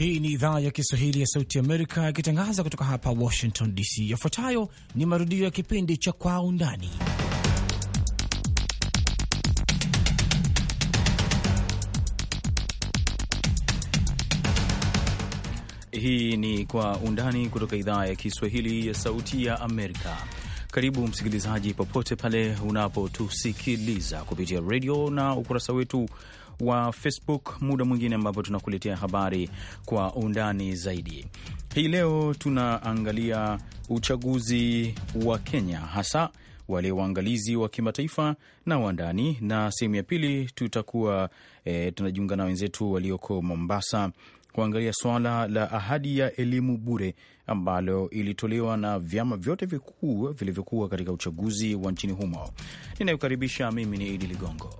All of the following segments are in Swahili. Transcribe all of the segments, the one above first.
Hii ni idhaa ya Kiswahili ya Sauti Amerika ikitangaza kutoka hapa Washington DC. Yafuatayo ni marudio ya kipindi cha Kwa Undani. Hii ni Kwa Undani kutoka idhaa ya Kiswahili ya Sauti ya Amerika. Karibu msikilizaji, popote pale unapotusikiliza kupitia redio na ukurasa wetu wa Facebook muda mwingine ambapo tunakuletea habari kwa undani zaidi. Hii leo tunaangalia uchaguzi wa Kenya, hasa wale waangalizi wa kimataifa na wa ndani, na sehemu ya pili tutakuwa e, tunajiunga na wenzetu walioko Mombasa kuangalia swala la ahadi ya elimu bure ambalo ilitolewa na vyama vyote vikuu vilivyokuwa katika uchaguzi wa nchini humo. Ninayokaribisha mimi ni Idi Ligongo.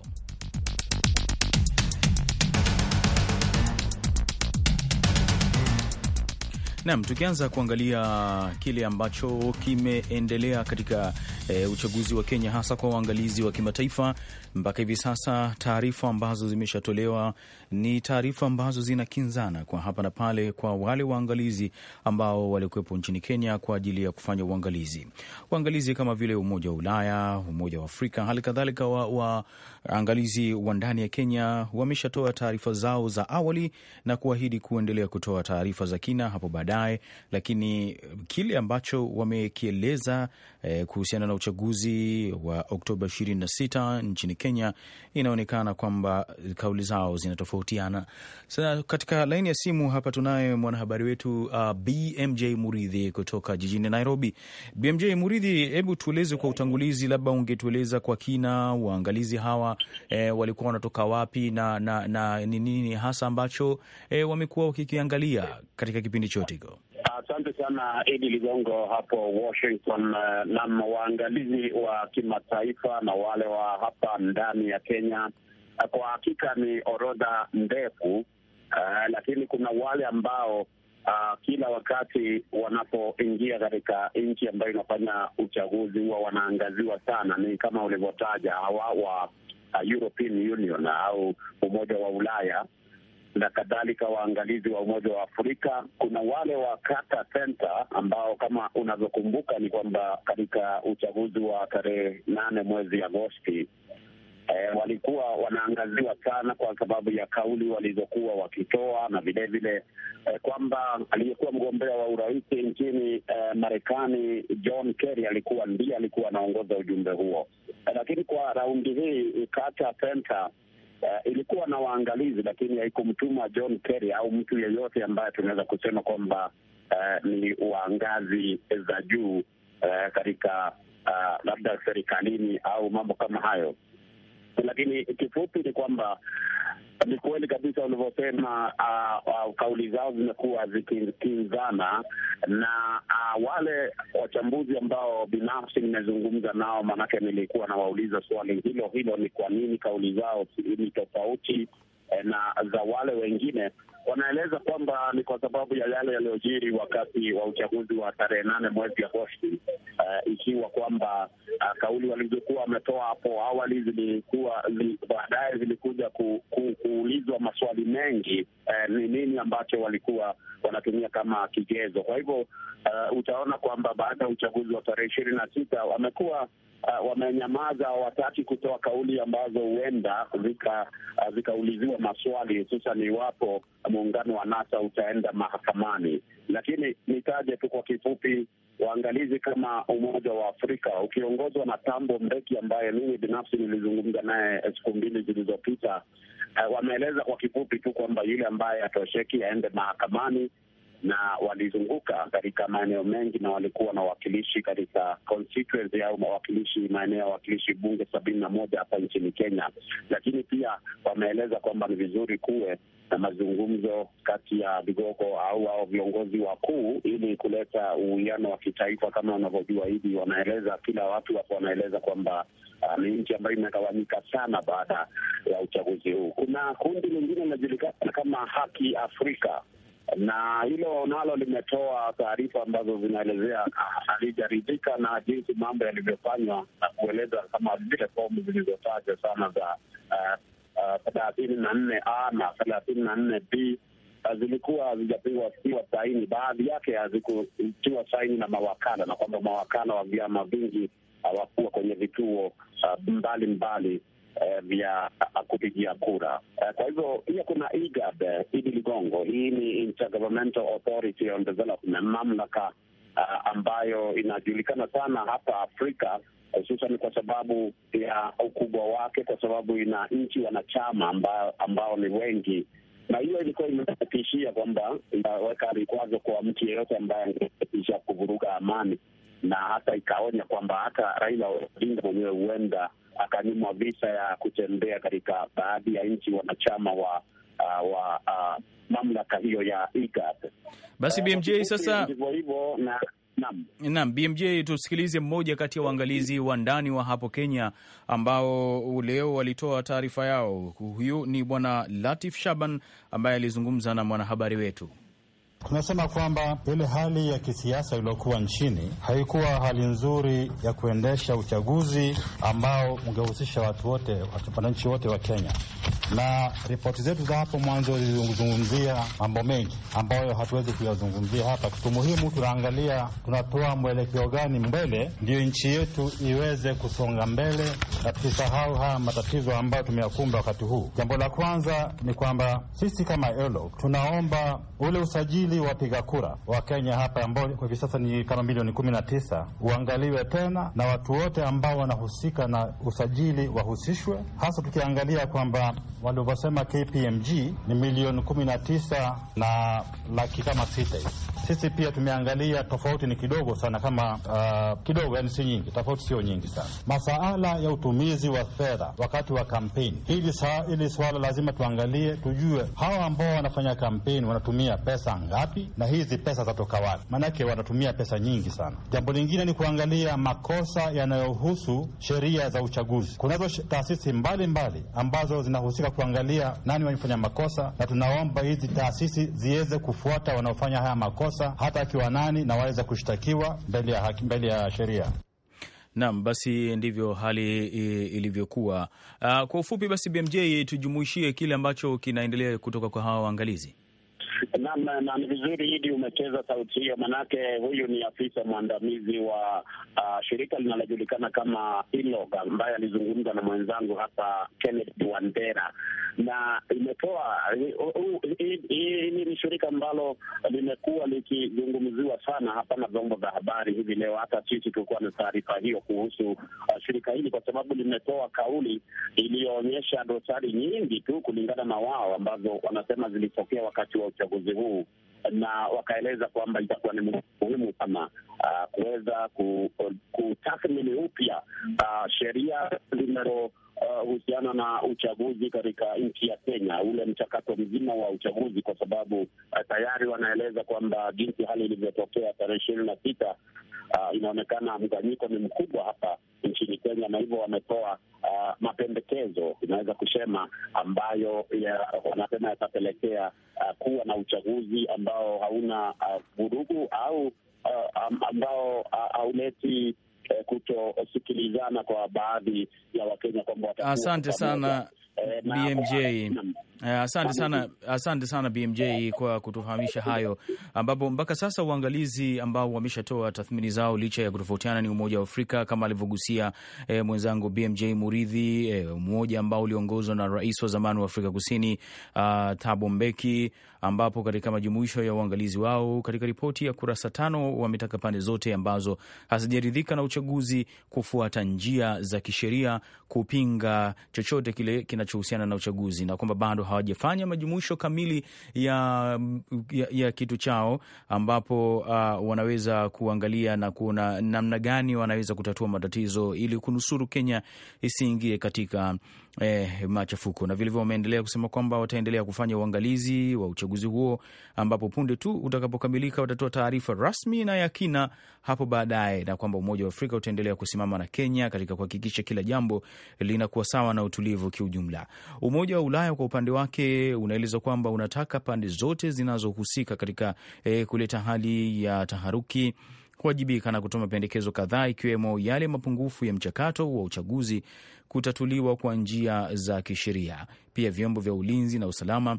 Nam, tukianza kuangalia kile ambacho kimeendelea katika e, uchaguzi wa Kenya hasa kwa uangalizi wa kimataifa. Mpaka hivi sasa taarifa ambazo zimeshatolewa ni taarifa ambazo zinakinzana kwa hapa na pale kwa wale waangalizi ambao walikuwepo nchini Kenya kwa ajili ya kufanya uangalizi. Waangalizi kama vile Umoja wa Ulaya, Umoja wa Afrika, hali kadhalika waangalizi wa, wa ndani ya Kenya wameshatoa taarifa zao za awali na kuahidi kuendelea kutoa taarifa za kina hapo baadaye, lakini kile ambacho wamekieleza eh, kuhusiana la uchaguzi wa Oktoba 26 nchini Kenya, inaonekana kwamba kauli zao zinatofautiana. Sasa katika laini ya simu hapa tunaye mwanahabari wetu uh, BMJ Muridhi kutoka jijini Nairobi. BMJ Muridhi, hebu tueleze kwa utangulizi, labda ungetueleza kwa kina waangalizi hawa eh, walikuwa wanatoka wapi na ni na, nini hasa ambacho eh, wamekuwa wakikiangalia katika kipindi chote hiko? Uh, asante sana Idi Ligongo hapo Washington. Uh, nam, waangalizi wa kimataifa na wale wa hapa ndani ya Kenya uh, kwa hakika ni orodha ndefu, uh, lakini kuna wale ambao uh, kila wakati wanapoingia katika nchi ambayo inafanya uchaguzi huwa wanaangaziwa sana, ni kama ulivyotaja hawa wa uh, European Union au Umoja wa Ulaya na kadhalika waangalizi wa Umoja wa Afrika. Kuna wale wa Carter Center ambao kama unavyokumbuka ni kwamba katika uchaguzi wa tarehe nane mwezi Agosti E, walikuwa wanaangaziwa sana kwa sababu ya kauli walizokuwa wakitoa na vilevile e, eh, kwamba aliyekuwa mgombea wa urais nchini e, Marekani John Kerry alikuwa ndiye alikuwa anaongoza ujumbe huo e, lakini kwa raundi hii Carter Center uh, ilikuwa na waangalizi, lakini haikumtuma John Kerry au mtu yeyote ambaye tunaweza kusema kwamba uh, ni wa ngazi za juu uh, katika uh, labda serikalini au mambo kama hayo lakini kifupi ni kwamba ni kweli kabisa ulivyosema. Uh, uh, kauli zao zimekuwa zikikinzana na uh, wale wachambuzi ambao binafsi nimezungumza nao, maanake nilikuwa nawauliza swali hilo hilo, ni kwa nini kauli zao ni tofauti eh, na za wale wengine wanaeleza kwamba ni kwa sababu ya yale yaliyojiri wakati wa uchaguzi wa tarehe nane mwezi Agosti, uh, ikiwa kwamba uh, kauli walizokuwa wametoa hapo awali zilikuwa li, baadaye zilikuja ku, ku, kuulizwa maswali mengi uh, ni nini ambacho walikuwa wanatumia kama kigezo. Kwa hivyo uh, utaona kwamba baada ya uchaguzi wa tarehe ishirini na sita wamekuwa Uh, wamenyamaza, wataki kutoa kauli ambazo huenda zikauliziwa uh, zika maswali, hususan iwapo muungano wa NASA utaenda mahakamani, lakini nitaje tu kwa kifupi, waangalizi kama Umoja wa Afrika ukiongozwa na Tambo Mbeki ambaye mimi binafsi nilizungumza naye siku mbili zilizopita, uh, wameeleza kwa kifupi tu kwamba yule ambaye atosheki aende mahakamani na walizunguka katika maeneo mengi na walikuwa na wawakilishi katika constituency au mawakilishi maeneo ya wawakilishi bunge sabini na moja hapa nchini Kenya, lakini pia wameeleza kwamba ni vizuri kuwe na mazungumzo kati ya vigogo au au viongozi wakuu ili kuleta uwiano wa kitaifa. Kama wanavyojua hivi, wanaeleza kila watu wapo, wanaeleza kwamba uh, ni nchi ambayo imegawanyika sana baada ya uchaguzi huu. Kuna kundi lingine linajulikana kama Haki Afrika na hilo nalo limetoa taarifa ambazo zinaelezea ah, halijaridhika na jinsi mambo yalivyofanywa na kueleza kama vile fomu zilizotajwa sana za ah, ah, thelathini na nne a na thelathini na nne b zilikuwa hazijapigwa tiwa saini, baadhi yake hazikutiwa saini na mawakala, na kwamba mawakala wa vyama vingi hawakuwa kwenye vituo mbalimbali eh, vya kupigia kura eh. Kwa hivyo pia kuna IGAD eh, Idi Ligongo, hii ni Intergovernmental Authority on Development, mamlaka ah, ambayo inajulikana sana hapa Afrika hususan kwa sababu ya ukubwa wake, kwa sababu ina nchi wanachama ambao, ambao ni wengi, na hiyo ilikuwa imetishia kwamba inaweka vikwazo kwa mtu yeyote ambaye angetisha kuvuruga amani, na hata ikaonya kwamba hata Raila Odinga mwenyewe huenda akanyimwa visa ya kutembea katika baadhi ya nchi wanachama wa uh, wa uh, mamlaka hiyo ya IGAD. Basi uh, BMJ sasa ndivyo hivyo na Naam, BMJ tusikilize mmoja kati ya waangalizi wa ndani wa hapo Kenya ambao leo walitoa taarifa yao. Huyu ni bwana Latif Shaban ambaye alizungumza na mwanahabari wetu. Tunasema kwamba ile hali ya kisiasa iliyokuwa nchini haikuwa hali nzuri ya kuendesha uchaguzi ambao ungehusisha watu wote, wananchi wote wa Kenya, na ripoti zetu za hapo mwanzo zilizungumzia mambo mengi ambayo hatuwezi kuyazungumzia hapa. Kitu muhimu, tunaangalia tunatoa mwelekeo gani mbele, ndiyo nchi yetu iweze kusonga mbele na tusisahau haya matatizo ambayo tumeyakumba wakati huu. Jambo la kwanza ni kwamba sisi kama ELO tunaomba ule usajili ili wapiga kura wa Kenya hapa ambao kwa hivi sasa ni kama milioni kumi na tisa uangaliwe tena, na watu wote ambao wanahusika na usajili wahusishwe, hasa tukiangalia kwamba walivyosema KPMG ni milioni kumi na tisa na laki kama sita. Sisi pia tumeangalia, tofauti ni kidogo sana kama uh, kidogo, yani si nyingi, tofauti sio nyingi sana. Masaala ya utumizi wa fedha wakati wa kampeni, hili swala lazima tuangalie, tujue hawa ambao wanafanya kampeni wanatumia pesa nga wapi na hizi pesa zatoka wapi, maanake wanatumia pesa nyingi sana. Jambo lingine ni kuangalia makosa yanayohusu sheria za uchaguzi. Kunazo taasisi mbalimbali ambazo zinahusika kuangalia nani wamefanya makosa, na tunaomba hizi taasisi ziweze kufuata wanaofanya haya makosa, hata akiwa nani, na waweze kushtakiwa mbele ya haki, mbele ya sheria. Naam, basi ndivyo hali ilivyokuwa. Uh, kwa ufupi basi, BMJ tujumuishie kile ambacho kinaendelea kutoka kwa hawa waangalizi. Naam, na ni vizuri Idi umecheza sauti hiyo, manake huyu ni afisa mwandamizi wa uh, shirika linalojulikana kama ILOG ambaye alizungumza na mwenzangu hapa Kenneth Wandera, na imetoa hili ni shirika ambalo limekuwa likizungumziwa sana hapa na vyombo vya habari hivi leo. Hata sisi tulikuwa na taarifa hiyo kuhusu uh, shirika hili, kwa sababu limetoa kauli iliyoonyesha dosari nyingi tu kulingana na wao ambazo wanasema zilitokea wakati wa uchaguzi uchaguzi huu na wakaeleza kwamba itakuwa ni muhimu sana uh, kuweza kutathmini upya uh, sheria linalohusiana uh, na uchaguzi katika nchi ya Kenya, ule mchakato mzima wa uchaguzi, kwa sababu uh, tayari wanaeleza kwamba jinsi hali ilivyotokea tarehe ishirini na sita uh, inaonekana mganyiko ni mkubwa hapa nchini Kenya, na hivyo wametoa uh, mapendekezo, inaweza kusema ambayo wanasema yatapelekea kuwa na uchaguzi ambao hauna uh, vurugu uh, au uh, ambao uh, hauleti uh, uh, kutosikilizana kwa baadhi ya Wakenya kwamba Asante sana eh, BMJ. Eh, asante sana, asante sana BMJ kwa kutufahamisha hayo, ambapo mpaka sasa uangalizi ambao wameshatoa tathmini zao licha ya kutofautiana ni Umoja wa Afrika kama alivyogusia e, mwenzangu BMJ Muridhi e, umoja ambao uliongozwa na rais wa zamani wa Afrika Kusini uh, Thabo Mbeki, ambapo katika majumuisho ya uangalizi wao katika ripoti ya kurasa tano wametaka pande zote ambazo hazijaridhika na uchaguzi kufuata njia za kisheria kupinga chochote kile kinachohusiana na uchaguzi na kwamba bado hawajafanya majumuisho kamili ya, ya, ya kitu chao ambapo uh, wanaweza kuangalia na kuona namna gani wanaweza kutatua matatizo ili kunusuru Kenya isiingie katika eh, machafuko. Na vilevile wameendelea kusema kwamba wataendelea kufanya uangalizi wa uchaguzi huo, ambapo punde tu utakapokamilika watatoa taarifa rasmi na ya kina hapo baadaye, na kwamba Umoja wa Afrika utaendelea kusimama na Kenya katika kuhakikisha kila jambo linakuwa sawa na utulivu kiujumla. Umoja wa Ulaya kwa upande wake unaeleza kwamba unataka pande zote zinazohusika katika eh, kuleta hali ya taharuki kuwajibika na kutoa mapendekezo kadhaa ikiwemo yale mapungufu ya mchakato wa uchaguzi kutatuliwa kwa njia za kisheria. Pia vyombo vya ulinzi na usalama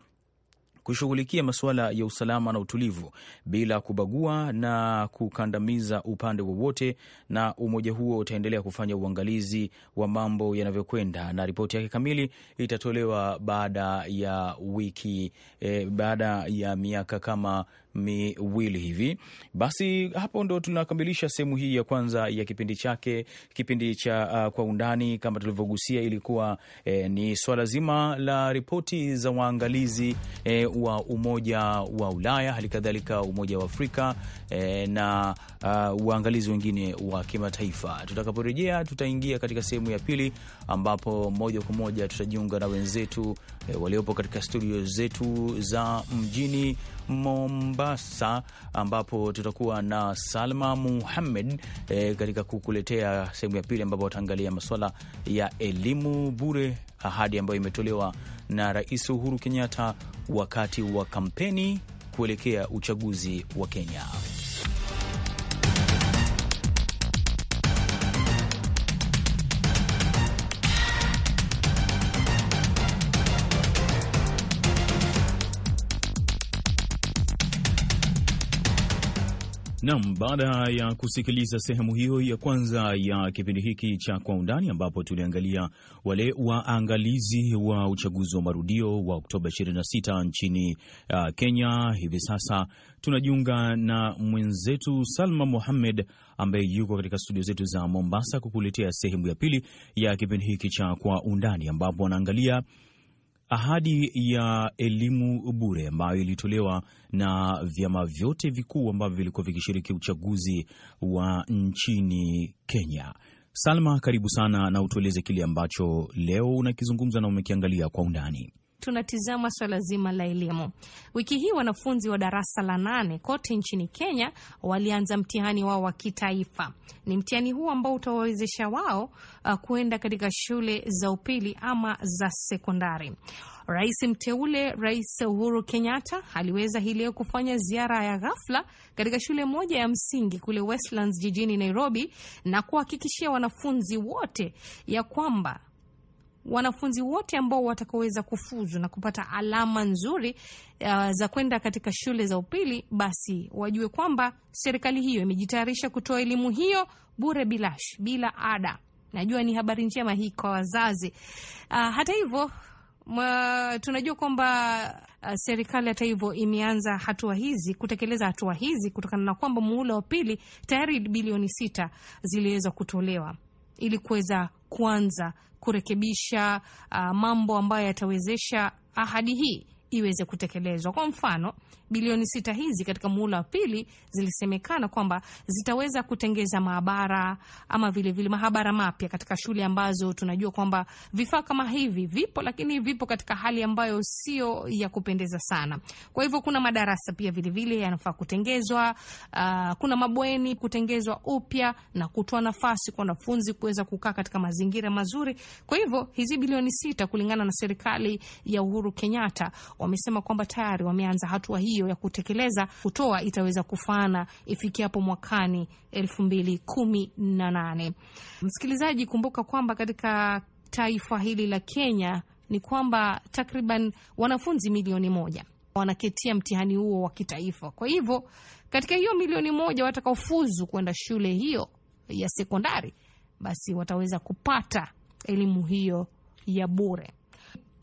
kushughulikia masuala ya usalama na utulivu bila kubagua na kukandamiza upande wowote, na umoja huo utaendelea kufanya uangalizi wa mambo yanavyokwenda, na ripoti yake kamili itatolewa baada ya wiki eh, baada ya miaka kama miwili hivi. Basi hapo ndo tunakamilisha sehemu hii ya kwanza ya kipindi chake kipindi cha uh, kwa undani. Kama tulivyogusia, ilikuwa eh, ni swala zima la ripoti za waangalizi eh, wa Umoja wa Ulaya, hali kadhalika Umoja wa Afrika e, na uh, waangalizi wengine wa kimataifa. Tutakaporejea tutaingia katika sehemu ya pili, ambapo moja kwa moja tutajiunga na wenzetu e, waliopo katika studio zetu za mjini Mombasa, ambapo tutakuwa na Salma Muhammed e, katika kukuletea sehemu ya pili, ambapo wataangalia masuala ya elimu bure, ahadi ambayo imetolewa na Rais Uhuru Kenyatta wakati wa kampeni kuelekea uchaguzi wa Kenya. Nam, baada ya kusikiliza sehemu hiyo ya kwanza ya kipindi hiki cha Kwa Undani, ambapo tuliangalia wale waangalizi wa uchaguzi wa marudio wa Oktoba 26 nchini uh, Kenya, hivi sasa tunajiunga na mwenzetu Salma muhammed ambaye yuko katika studio zetu za Mombasa kukuletea sehemu ya pili ya kipindi hiki cha Kwa Undani, ambapo anaangalia Ahadi ya elimu bure ambayo ilitolewa na vyama vyote vikuu ambavyo vilikuwa vikishiriki uchaguzi wa nchini Kenya. Salma, karibu sana na utueleze kile ambacho leo unakizungumza na umekiangalia kwa undani tunatizama swala zima la elimu. Wiki hii wanafunzi wa darasa la nane kote nchini Kenya walianza mtihani wao wa kitaifa. Ni mtihani huu ambao utawawezesha wao uh, kuenda katika shule za upili ama za sekondari. Rais mteule Rais Uhuru Kenyatta aliweza hii leo kufanya ziara ya ghafla katika shule moja ya msingi kule Westlands jijini Nairobi na kuhakikishia wanafunzi wote ya kwamba wanafunzi wote ambao watakaweza kufuzu na kupata alama nzuri uh, za kwenda katika shule za upili, basi wajue kwamba serikali hiyo imejitayarisha kutoa elimu hiyo bure, bilash, bila ada. Najua ni habari njema hii kwa wazazi. Uh, hata hivyo Mwa, tunajua kwamba uh, serikali hata hivyo imeanza hatua hizi kutekeleza hatua hizi kutokana na kwamba muhula wa pili tayari bilioni sita ziliweza kutolewa ili kuweza kuanza kurekebisha uh, mambo ambayo yatawezesha ahadi hii iweze kutekelezwa. Kwa mfano, bilioni sita hizi katika muhula wa pili zilisemekana kwamba zitaweza kutengeza maabara ama vilevile vile mahabara mapya katika shule ambazo tunajua kwamba vifaa kama hivi vipo, lakini vipo katika hali ambayo sio ya kupendeza sana. Kwa hivyo kuna madarasa pia vilevile yanafaa kutengezwa. Uh, kuna mabweni kutengezwa upya na kutoa nafasi kwa wanafunzi kuweza kukaa katika mazingira mazuri. Kwa hivyo hizi bilioni sita kulingana na serikali ya Uhuru Kenyatta wamesema kwamba tayari wameanza hatua hiyo ya kutekeleza kutoa itaweza kufaana ifikiapo mwakani elfu mbili kumi na nane. Msikilizaji, kumbuka kwamba katika taifa hili la Kenya ni kwamba takriban wanafunzi milioni moja wanaketia mtihani huo wa kitaifa. Kwa hivyo katika hiyo milioni moja watakaofuzu kwenda shule hiyo ya sekondari, basi wataweza kupata elimu hiyo ya bure.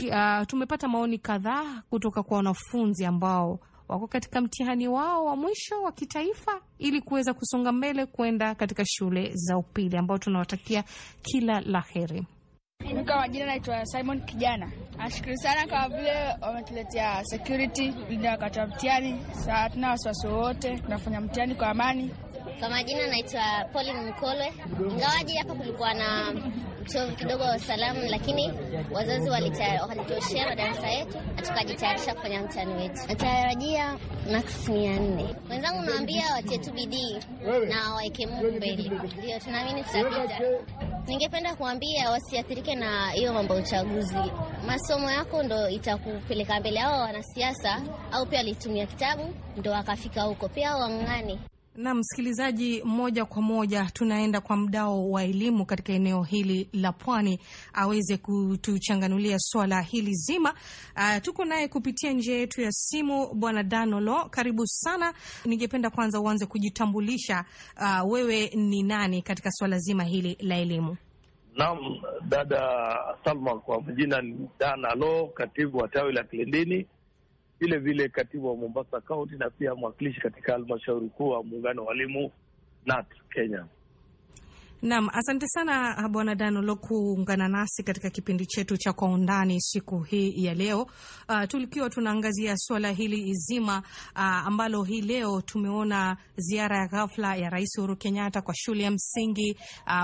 Uh, tumepata maoni kadhaa kutoka kwa wanafunzi ambao wako katika mtihani wao wa mwisho wa kitaifa ili kuweza kusonga mbele kwenda katika shule za upili ambao tunawatakia kila la heri. Mimi majina naitwa Simon Kijana. Nashukuru sana kwa vile wametuletea security, mtihani. Saa hatuna wasiwasi wowote, tunafanya mtihani kwa amani. Kwa majina naitwa Pauline Mkolwe. Ingawaje hapa kulikuwa na uchovu kidogo wa salamu, lakini wazazi walitoshea madarasa yetu na tukajitayarisha kufanya mtihani wetu. Natarajia max mia nne. Wenzangu naambia watietu bidii na waweke Mungu mbele, ndio tunaamini tutapita. Ningependa kuambia wasiathirike na hiyo mambo ya uchaguzi. Masomo yako ndo itakupeleka mbele. Hao wanasiasa au pia walitumia kitabu ndo wakafika huko, pia wang'ani na msikilizaji, moja kwa moja tunaenda kwa mdao wa elimu katika eneo hili la Pwani aweze kutuchanganulia swala hili zima. Uh, tuko naye kupitia njia yetu ya simu. Bwana Danolo, karibu sana. Ningependa kwanza uanze kujitambulisha, uh, wewe ni nani katika swala zima hili la elimu? Naam, dada Salma, kwa majina ni Danalo, katibu wa tawi la Kilindini vile vile katibu wa Mombasa Kaunti na pia mwakilishi katika halmashauri kuu wa muungano wa walimu NAT Kenya. Naam, asante sana ah, Bwana Danilo kuungana nasi katika kipindi chetu cha Kwa Undani siku hii ya leo. Uh, tulikiwa tunaangazia suala hili izima uh, ah, ambalo hii leo tumeona ziara ya ghafla ya Rais Uhuru Kenyatta kwa shule ya msingi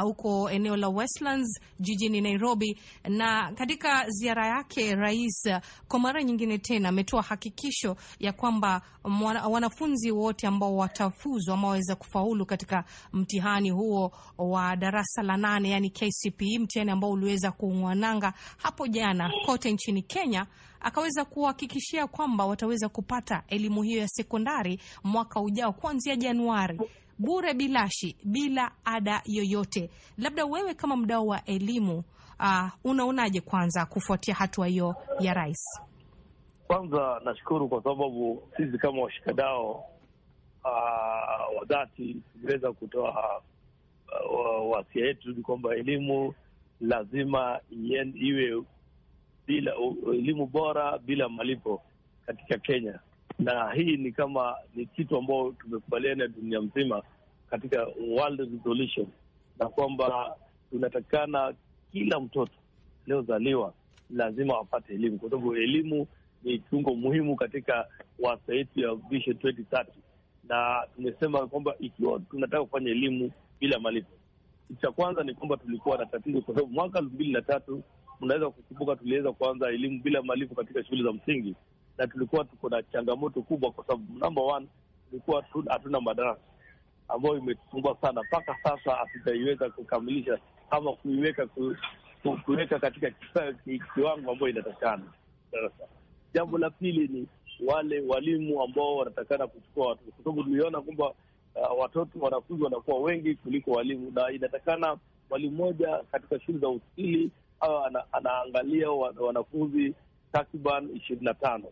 huko uh, eneo la Westlands jijini Nairobi, na katika ziara yake rais kwa mara nyingine tena ametoa hakikisho ya kwamba mwana, wanafunzi wote ambao watafuzwa ama waweza kufaulu katika mtihani huo wa darasa la nane yani KCPE, mtihani ambao uliweza kungwananga hapo jana kote nchini Kenya, akaweza kuhakikishia kwamba wataweza kupata elimu hiyo ya sekondari mwaka ujao kuanzia Januari bure bilashi, bila ada yoyote. Labda wewe kama mdau wa elimu uh, unaonaje kwanza kufuatia hatua hiyo ya rais? Kwanza nashukuru kwa sababu sisi kama washikadao uh, ah, wa dhati kutoa wasia yetu ni kwamba elimu lazima iwe bila elimu bora bila malipo katika Kenya, na hii ni kama ni kitu ambayo tumekubaliana dunia mzima katika world resolution, na kwamba tunatakikana kila mtoto aliozaliwa lazima wapate elimu, kwa sababu elimu ni kiungo muhimu katika wasia yetu ya Vision 2030 na tumesema kwamba ikiwa tunataka kufanya elimu bila malipo, kitu cha kwanza ni kwamba tulikuwa na tatizo, kwa sababu mwaka elfu mbili na tatu unaweza kukumbuka, tuliweza kuanza elimu bila malipo katika shule za msingi, na tulikuwa tuko na changamoto kubwa, kwa sababu namba one tulikuwa hatuna madarasa ambayo imetusumbua sana mpaka sasa, hatujaiweza kukamilisha ama kuiweka ku, ku, kuiweka katika kiwango ambayo inatakikana darasa. Jambo la pili ni wale walimu ambao wanatakana kuchukua watoto, kwa sababu tuliona kwamba uh, watoto wanafunzi wanakuwa wengi kuliko walimu, na inatakana mwalimu mmoja katika shule za usili au ana, anaangalia wanafunzi takriban ishirini na tano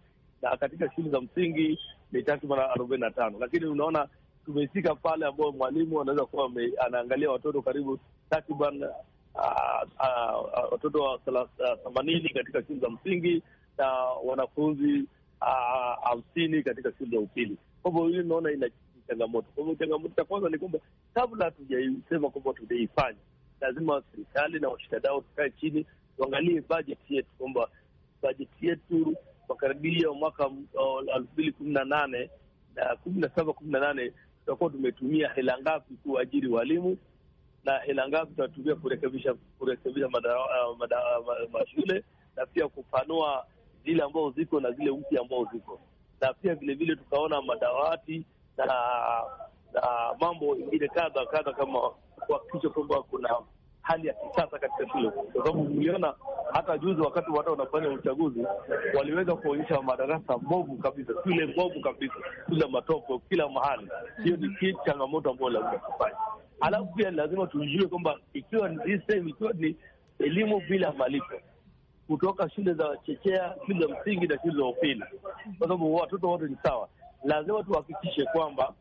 na katika shule za msingi ni takriban arobaini na tano lakini unaona tumefika pale ambayo mwalimu anaweza kuwa anaangalia watoto karibu takriban uh, uh, uh, watoto wa themanini katika shule za msingi na wanafunzi hamsini katika shule ya upili. Kwa hivyo hiyo inaona ina changamoto. Kwa hivyo changamoto cha kwanza ni kwamba kabla hatujaisema kwamba tutaifanya, lazima serikali na washikadao tukae chini tuangalie bajeti yetu, kwamba bajeti yetu makaribia mwaka elfu mbili kumi na nane na kumi na saba kumi na nane tutakuwa tumetumia hela ngapi kuajiri walimu na hela ngapi tutatumia kurekebisha kurekebisha mashule na pia kupanua zile ambao ziko na zile uti ambao ziko na pia vilevile tukaona madawati na na mambo ingine kadha kadha, kama kuhakikisha kwamba kuna hali ya kisasa katika shule, kwa sababu uliona hata juzi wakati watu wanafanya uchaguzi waliweza kuonyesha madarasa mbovu kabisa, shule mbovu kabisa, kila matope kila mahali. Hiyo ni ki changamoto ambayo lazima tufanye. Alafu pia lazima tujue kwamba ikiwa ni elimu bila malipo kutoka shule za chechea, shule za msingi na shule za upili, kwa sababu watoto wote ni sawa. Lazima tuhakikishe kwamba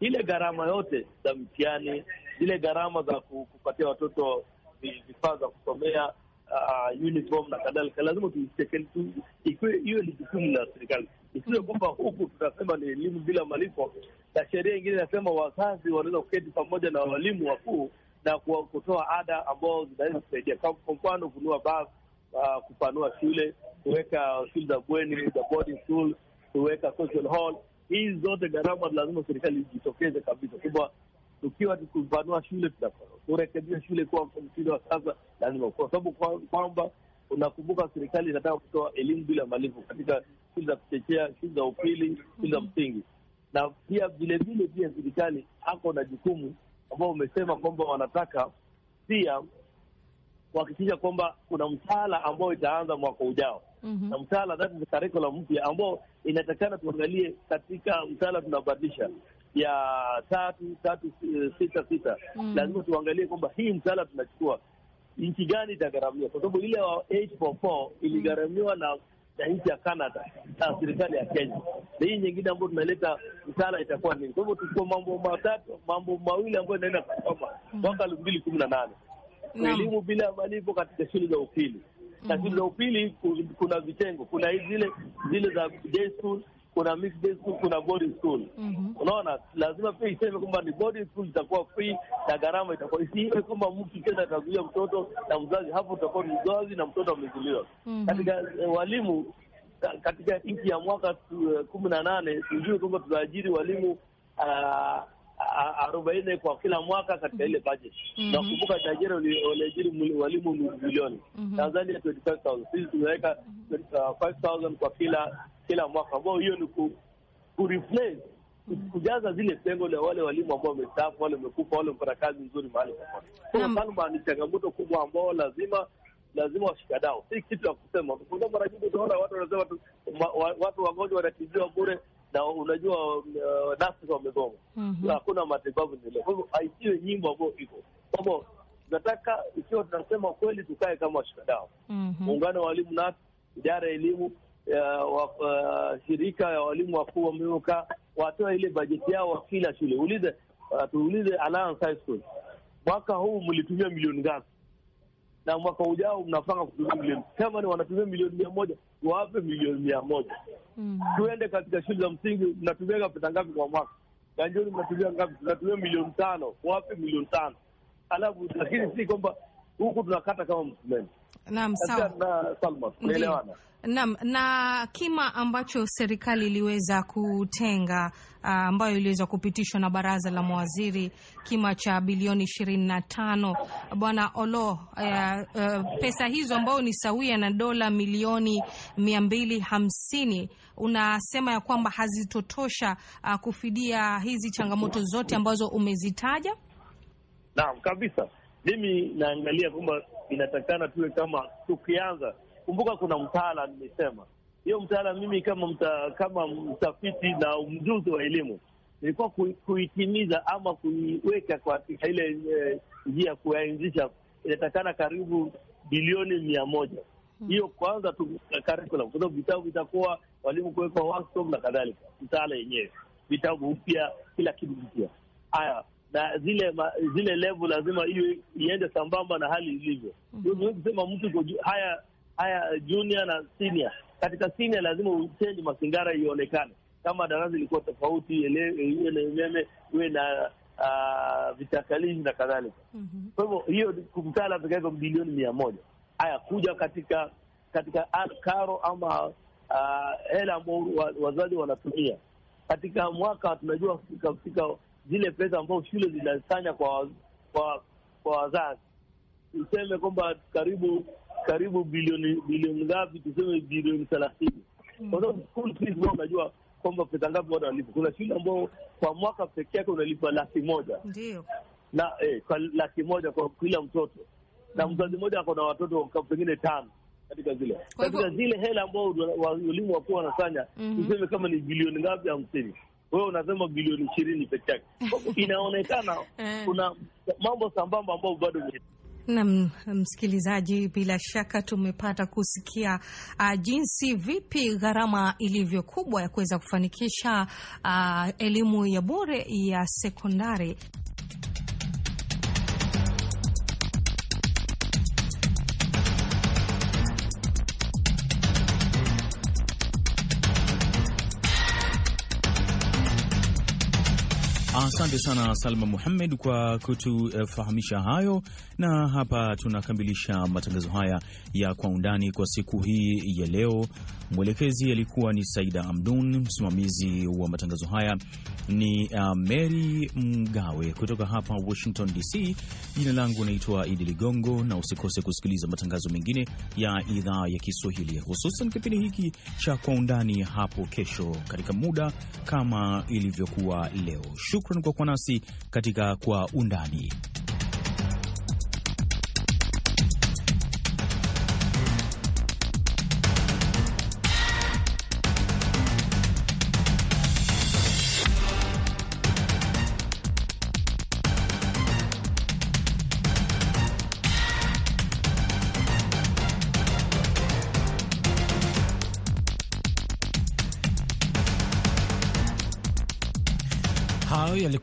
ile gharama yote za mtihani, zile gharama za kupatia watoto vifaa za kusomea, uh, uniform na kadhalika, lazima ikiwe hiyo ni jukumu la serikali, isiwe kwamba huku tunasema ni elimu bila malipo, na sheria ingine inasema wazazi wanaweza kuketi pamoja na walimu wakuu na kutoa ada ambao zinaweza kusaidia, kwa mfano kununua basi uh, kupanua shule, kuweka shule za bweni za boarding school, kuweka social hall. Hizi zote gharama lazima serikali ijitokeze kabisa kubwa. Tukiwa kupanua shule, kurekebisha shule kuwa mtindo wa sasa lazima, kwa sababu kwamba unakumbuka serikali inataka kutoa elimu bila malipo katika shule za kuchechea, shule za upili, shule za msingi, na pia vilevile pia serikali ako na jukumu ambao umesema kwamba wanataka pia kuhakikisha kwamba kuna mtaala ambao itaanza mwaka ujao mm -hmm. na mtaala that is curriculum mpya ambao inatakana tuangalie katika mtaala tunabadilisha ya tatu tatu sita sita mm -hmm. lazima tuangalie kwamba hii mtaala tunachukua nchi gani itagharamiwa, kwa sababu ile iligharamiwa na na nchi ya Canada na serikali ya Kenya, na hii nyingine ambayo tunaleta mtaala itakuwa nini? Kwa hivyo tuko mambo matatu mambo mawili ambayo inaenda kusoma mhm. mwaka elfu mbili kumi na nane elimu bila malipo katika shule za upili mm -hmm. shule za upili kuna vitengo, kuna zile zile za day school, kuna mixed day school, kuna boarding school mm -hmm. Unaona, lazima pia iseme kwamba ni boarding school itakuwa free na gharama itakuwa isiwe kwamba mtu tena atazuia mtoto na mzazi, hapo utakuwa ni mzazi na mtoto amezuliwa mm -hmm. katika e, walimu katika nchi ya mwaka eh, kumi na nane tujue kwamba tunaajiri walimu uh, arobaini kwa kila mwaka katika mhm. ile bajeti. Mhm. Nakumbuka Nigeria waliajiri walimu milioni, mhm. Tanzania 25,000 sisi tumeweka 5,000 kwa kila kila mwaka, ambao hiyo ni ku replace kujaza zile pengo la wale walimu ambao wamestaafu, wale wamekufa, wale wamepata kazi nzuri mahali popote. Kwa Salma, ni changamoto kubwa ambao lazima lazima washikadao, si kitu ya kusema. Mara nyingi utaona watu wanasema watu wagonjwa wanatibiwa bure na unajua, uh, nafsi wamegoma, mhm. hakuna -hmm. matibabu zile. Kwa hivyo haisiwe nyimbo ambayo iko kwamba tunataka, ikiwa tunasema kweli, tukae kama washikadao mhm. muungano mm -hmm. wa walimu na idara ya elimu uh, uh, shirika ya walimu wakuu wameuka, watoe ile bajeti yao wa kila shule. Ulize, uh, tuulize Alliance High School mwaka huu mlitumia milioni ngapi? na mwaka ujao mnapanga kutumia milioni, kama ni wanatumia milioni mia moja wawape milioni mia moja mm. Tuende katika shule za msingi, mnatumiaga pesa ngapi kwa mwaka? Kanjoni mnatumia ngapi? Tunatumia milioni tano, wawape milioni tano alafu, lakini si kwamba huku tunakata kama msumeni. Naam, sawa na Salma, tunaelewana. Naam, na kima ambacho serikali iliweza kutenga ah, ambayo iliweza kupitishwa na baraza la mawaziri kima cha bilioni ishirini na tano bwana Olo, uh, uh, pesa hizo ambayo ni sawia na dola milioni mia mbili hamsini unasema ya kwamba hazitotosha uh, kufidia hizi changamoto zote ambazo umezitaja? Naam, kabisa. Mimi naangalia kwamba inatakikana tuwe kama tukianza. Kumbuka kuna mtaala, nimesema hiyo mtaala. Mimi kama mta, kama mtafiti na mjuzi wa elimu nilikuwa kuitimiza ama kuiweka katika ile eh, njia ya kuyaanzisha, inatakikana karibu bilioni mia moja hmm. hiyo kwanza tu eh, curriculum, kwa sababu vitabu vitakuwa, walimu kuwekwa workshop na kadhalika, mtaala yenyewe, vitabu upya, kila kitu kipya. Haya, na zile ma, zile level lazima hiyo iende sambamba na hali ilivyo. Huwezi mhm. kusema mtu iko haya haya junior na senior. Katika senior lazima uchenji masingara ionekane, kama darasa ilikuwa tofauti, iwe na umeme, iwe na uh, vitakalishi na kadhalika. Mhm. Kwa hivyo hiyo kumtala peke yake bilioni mia moja haya kuja katika katika karo ama ah, hela uh, ambao wazazi wanatumia katika mwaka tunajua katika zile pesa ambao shule zinasanya kwa kwa kwa wazazi, tuseme kwamba karibu karibu bilioni bilioni ngapi, tuseme bilioni thelathini mm. kwa sababu school fees unajua kwamba pesa ngapi watu wanalipa. Kuna shule ambao kwa mwaka peke yake unalipa laki moja ndio na eh, kwa laki moja kwa kila mtoto na mm. mzazi mmoja ako na watoto pengine tano katika zile katika zile hela ambao walimu wakuwa wanasanya, mm-hmm. tuseme kama ni bilioni ngapi, hamsini wewe unasema bilioni ishirini peke yake. Inaonekana eh. kuna mambo sambamba ambayo bado Nam msikilizaji, bila shaka tumepata kusikia uh, jinsi vipi gharama ilivyo kubwa ya kuweza kufanikisha uh, elimu ya bure ya sekondari. Asante sana Salma Muhammed kwa kutufahamisha hayo, na hapa tunakamilisha matangazo haya ya Kwa Undani kwa siku hii ya leo, Mwelekezi alikuwa ni Saida Amdun, msimamizi wa matangazo haya ni uh, Mary Mgawe kutoka hapa Washington DC. Jina langu naitwa Idi Ligongo, na usikose kusikiliza matangazo mengine ya idhaa ya Kiswahili, hususan kipindi hiki cha Kwa Undani hapo kesho katika muda kama ilivyokuwa leo. Shukran kwa kuwa nasi katika Kwa Undani.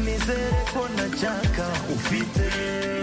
nizereko na chaka ufite